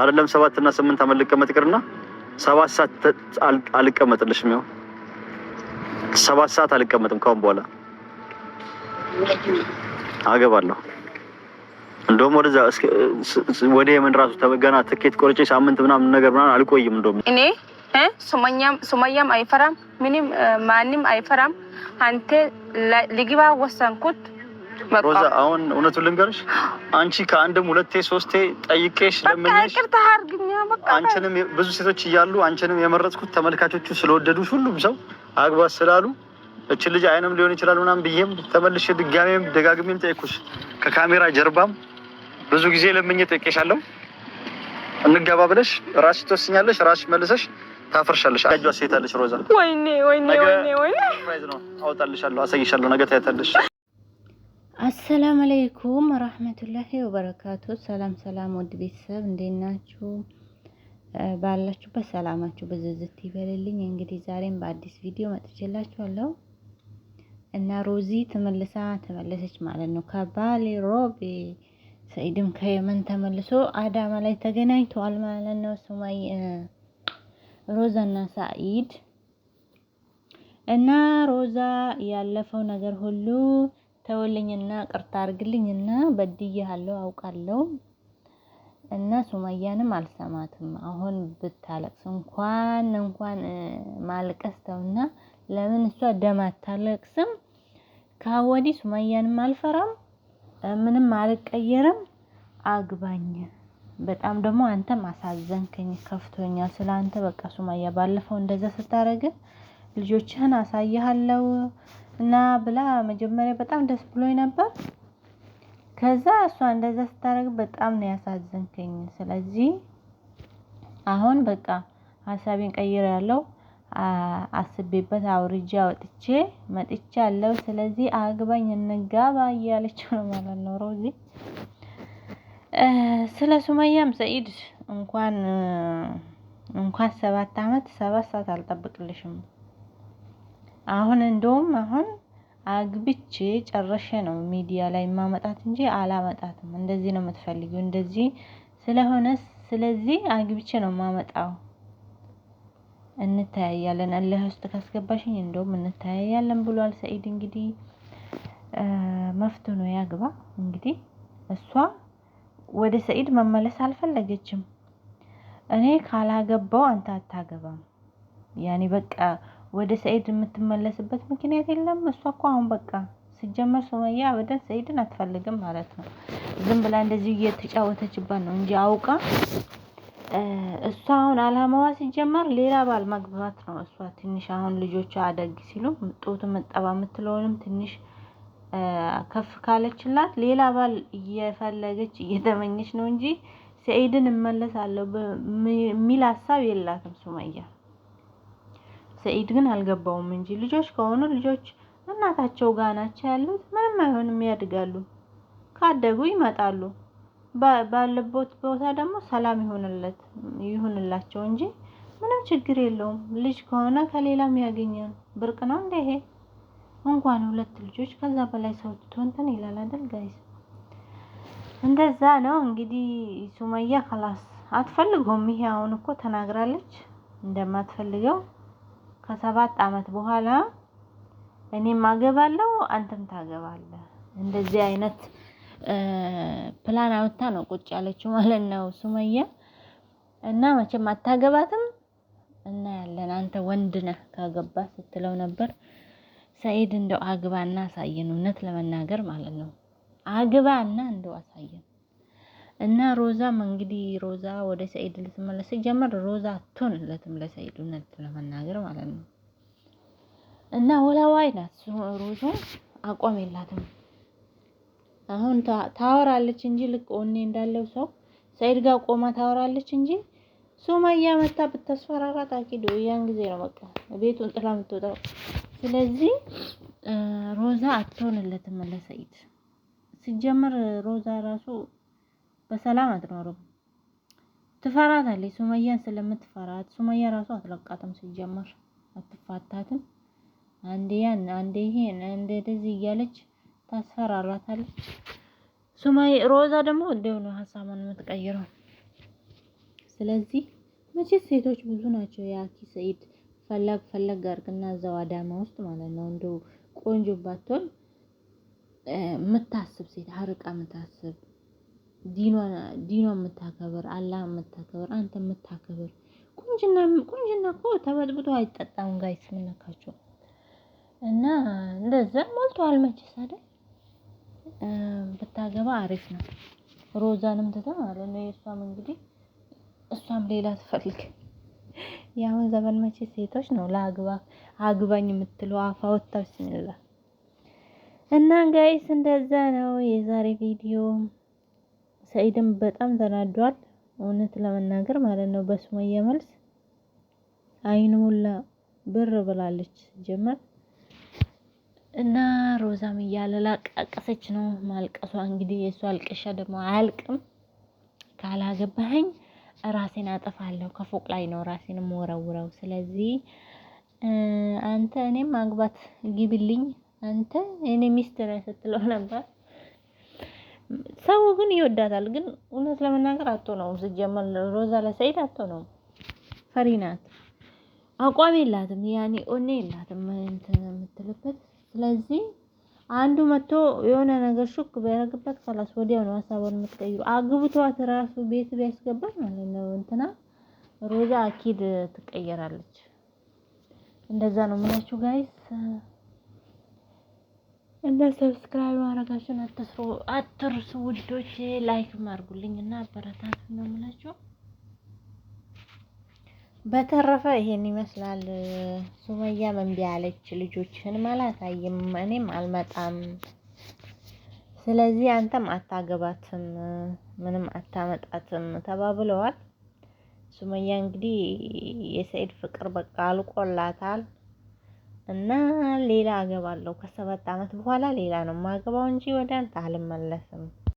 አይደለም ሰባት እና ስምንት ዓመት ልቀመጥ ይቅርና ሰባት ሰዓት አልቀመጥልሽም። ይኸው ሰባት ሰዓት አልቀመጥም። ካሁን በኋላ አገባለሁ። እንደውም ወደዛ ወደ የመን ራሱ ገና ትኬት ቆርጬ ሳምንት ምናምን ነገር ምናምን አልቆይም። እንደውም እኔ ሱመያም አይፈራም፣ ምንም ማንም አይፈራም። አንተ ልግባ ወሰንኩት ሮዛ አሁን እውነቱን ልንገርሽ፣ አንቺ ከአንድም ሁለቴ ሶስቴ ጠይቄሽ ለምኜሽ፣ አንቺንም ብዙ ሴቶች እያሉ አንቺንም የመረጥኩት ተመልካቾቹ ስለወደዱ ሁሉም ሰው አግባ ስላሉ እች ልጅ አይንም ሊሆን ይችላል ምናምን ብዬም ተመልሼ ድጋሜም ደጋግሜም ጠይኩሽ። ከካሜራ ጀርባም ብዙ ጊዜ ለምኜ ጠይቄሻለሁ። እንጋባ ብለሽ ራስሽ ትወስኛለሽ፣ ራስሽ መልሰሽ ታፈርሻለሽ። አጇ ሴታለሽ ሮዛ፣ ወይኔ ወይኔ ወይኔ ወይኔ ነው። አውጣልሻለሁ፣ አሳይሻለሁ፣ ነገ ታያታለሽ። አሰላም አለይኩም ረህመቱላሂ ወበረካቱ። ሰላም ሰላም፣ ውድ ቤተሰብ እንዴት ናችሁ? ባላችሁበት ሰላማችሁ ብዝዝት ይበልልኝ። እንግዲህ ዛሬም በአዲስ ቪዲዮ መጥቼላችኋለሁ እና ሮዚ ተመልሳ ተመለሰች ማለት ነው ከባሌ ሮቤ። ሰኢድም ከየመን ተመልሶ አዳማ ላይ ተገናኝተዋል ማለት ነው። ሱማይ ሮዛና ሰኢድ እና ሮዛ ያለፈው ነገር ሁሉ ተወልኝና ቅርታ አርግልኝና በድዬሃለሁ አውቃለሁ እና ሱመያንም አልሰማትም። አሁን ብታለቅስ እንኳን እንኳን ማልቀስ ተውና፣ ለምን እሷ ደም አታለቅስም? ካወዲ ሱመያንም አልፈራም፣ ምንም አልቀየርም፣ አግባኝ። በጣም ደግሞ አንተም አሳዘንከኝ፣ ከፍቶኛል ስለ አንተ። በቃ ሱመያ ባለፈው እንደዛ ስታረግ ልጆችህን አሳይሃለሁ እና ብላ መጀመሪያ በጣም ደስ ብሎኝ ነበር። ከዛ እሷ እንደዛ ስታደርግ በጣም ነው ያሳዘንከኝ። ስለዚህ አሁን በቃ ሀሳቤን ያለው አስቤበት አውርጄ አወጥቼ አለው። ስለዚህ አግባኝ እንጋባ እያለችው ነው ማለት ነው ሮዚ። ስለ ሱመያም ሰኢድ እንኳን እንኳን ሰባት አመት ሰባት ሰዓት አልጠብቅልሽም አሁን እንደውም አሁን አግብቼ ጨረሸ ነው ሚዲያ ላይ ማመጣት እንጂ አላመጣትም። እንደዚህ ነው የምትፈልጊው እንደዚህ ስለሆነ ስለዚህ አግብቼ ነው ማመጣው እንተያያለን አላህ ውስጥ ካስገባሽኝ እንደውም እንተያያለን ብሏል። ሰኢድ እንግዲህ መፍቱ ነው ያግባ። እንግዲህ እሷ ወደ ሰኢድ መመለስ አልፈለገችም። እኔ ካላገባው አንተ አታገባም ያኔ በቃ ወደ ሰኢድ የምትመለስበት ምክንያት የለም። እሷ እኮ አሁን በቃ ሲጀመር ሱመያ አበደን ሰኢድን አትፈልግም ማለት ነው። ዝም ብላ እንደዚህ እየተጫወተችበት ነው እንጂ አውቃ እሷ አሁን አላማዋ ሲጀመር ሌላ ባል ማግባት ነው። እሷ ትንሽ አሁን ልጆቿ አደግ ሲሉ ጡት መጠባ የምትለውንም ትንሽ ከፍ ካለችላት ሌላ ባል እየፈለገች እየተመኘች ነው እንጂ ሰኢድን እመለሳለሁ የሚል ሀሳብ የላትም ሱመያ። ሰኢድ ግን አልገባውም እንጂ ልጆች ከሆኑ ልጆች እናታቸው ጋር ናቸው ያሉት። ምንም አይሆንም፣ ያድጋሉ። ካደጉ ይመጣሉ። ባለበት ቦታ ደግሞ ሰላም ይሆንለት ይሁንላቸው እንጂ ምንም ችግር የለውም። ልጅ ከሆነ ከሌላም ያገኛል። ብርቅ ነው እንደ ይሄ እንኳን ሁለት ልጆች ከዛ በላይ ሰው ትቶ እንትን ይላል አይደል? ጋይስ እንደዛ ነው እንግዲህ። ሱመያ ክላስ አትፈልገውም። ይሄ አሁን እኮ ተናግራለች እንደማትፈልገው ከሰባት ዓመት በኋላ እኔም አገባለሁ አንተም ታገባለህ እንደዚህ አይነት ፕላን አውጥታ ነው ቁጭ ያለችው ማለት ነው ሱመያ። እና መቼም አታገባትም እና ያለን አንተ ወንድ ነህ ካገባ ስትለው ነበር። ሰኢድ እንደው አግባና አሳየን፣ እውነት ለመናገር ማለት ነው አግባና እንደው አሳየን። እና ሮዛም እንግዲህ ሮዛ ወደ ሰኢድ ልትመለስ ጀመር። ሮዛ አትሆንለትም ለሰኢድ እውነት ለመናገር ማለት ነው። እና ወላዋይ ናት ሮዛ፣ አቋም የላትም። አሁን ታወራለች እንጂ ልክ ኦኔ እንዳለው ሰው ሰኢድ ጋር ቆማ ታወራለች እንጂ ሱማያ መታ ብታስፈራራት ታኪዶ ያን ጊዜ ነው በቃ ቤቱን ጥላ የምትወጣው። ስለዚህ ሮዛ አትሆንለትም ለሰኢድ ሲጀመር ሮዛ ራሱ በሰላም አትኖርም። ትፈራታለች። ሱመያን ስለምትፈራት ሱመያ ራሱ አትለቃትም። ሲጀመር አትፋታትም። አንዴ ያን አንዴ ይሄን እንደዚህ እያለች ታስፈራራታለች። ሱመያ ሮዛ ደግሞ እንደው ነው ሀሳቧን የምትቀይረው። ስለዚህ መቼ ሴቶች ብዙ ናቸው። የአኪ ሰኢድ ፈለግ ፈለግ አድርግና እዛው አዳማ ውስጥ ማለት ነው እንደው ቆንጆ ባትሆን የምታስብ ሴት አርቃ የምታስብ ዲኖ የምታከብር አላህ የምታከብር አንተ የምታከብር ቁንጅና ቁንጅና እኮ ተበጥብጦ አይጠጣም ጋይስ ምነካቸው እና እንደዛ ሞልቶ አልመችስ አይደል ብታገባ አሪፍ ነው ሮዛንም ትታ ማለት ነው የእሷም እንግዲህ እሷም ሌላ ትፈልግ የአሁን ዘመን መቼ ሴቶች ነው ለአግባ አግባኝ የምትለው አፋወታ ብስሚላ እና ጋይስ እንደዛ ነው የዛሬ ቪዲዮ ሰኢድም በጣም ተናዷል። እውነት ለመናገር ማለት ነው በሱመያ መልስ አይን ሁላ ብር ብላለች ጀመር እና ሮዛም እያለላቀቀሰች ነው ማልቀሷ። እንግዲህ የእሱ አልቀሻ ደግሞ አያልቅም። ካላገባኸኝ ራሴን አጠፋለሁ፣ ከፎቅ ላይ ነው ራሴን ወረውረው። ስለዚህ አንተ እኔም አግባት ግብልኝ፣ አንተ እኔ ሚስት ነህ ስትለው ነበር። ሰው ግን ይወዳታል። ግን እውነት ለመናገር አቶ ነው ስጀመር ሮዛ ለሰይድ አቶ ነው ፈሪ ናት። አቋም የላትም ያኔ ኦኔ የላትም እንትን የምትልበት ስለዚህ አንዱ መጥቶ የሆነ ነገር ሹክ ቢያደርግበት ከላስ ወዲያው ነው ሀሳቡን የምትቀይሩ። አግብቷት ራሱ ቤት ቢያስገባት ማለት ነው እንትና ሮዛ አኪድ ትቀየራለች። እንደዛ ነው ምናችሁ ጋይስ። እና ሰብስክራይብ ማድረጋችሁን አትስሩ አትርሱ ውዶች፣ ላይክ ማርጉልኝ እና አበረታት እንደምላችሁ። በተረፈ ይሄን ይመስላል። ሱመያ መንቢ ያለች ልጆችህንም አላሳይም እኔም አልመጣም። ስለዚህ አንተም አታገባትም ምንም አታመጣትም ተባብለዋል። ሱመያ እንግዲህ የሰኢድ ፍቅር በቃ አልቆላታል። እና ሌላ አገባለሁ ከሰባት አመት በኋላ ሌላ ነው ማገባው እንጂ ወደ አንተ አልመለስም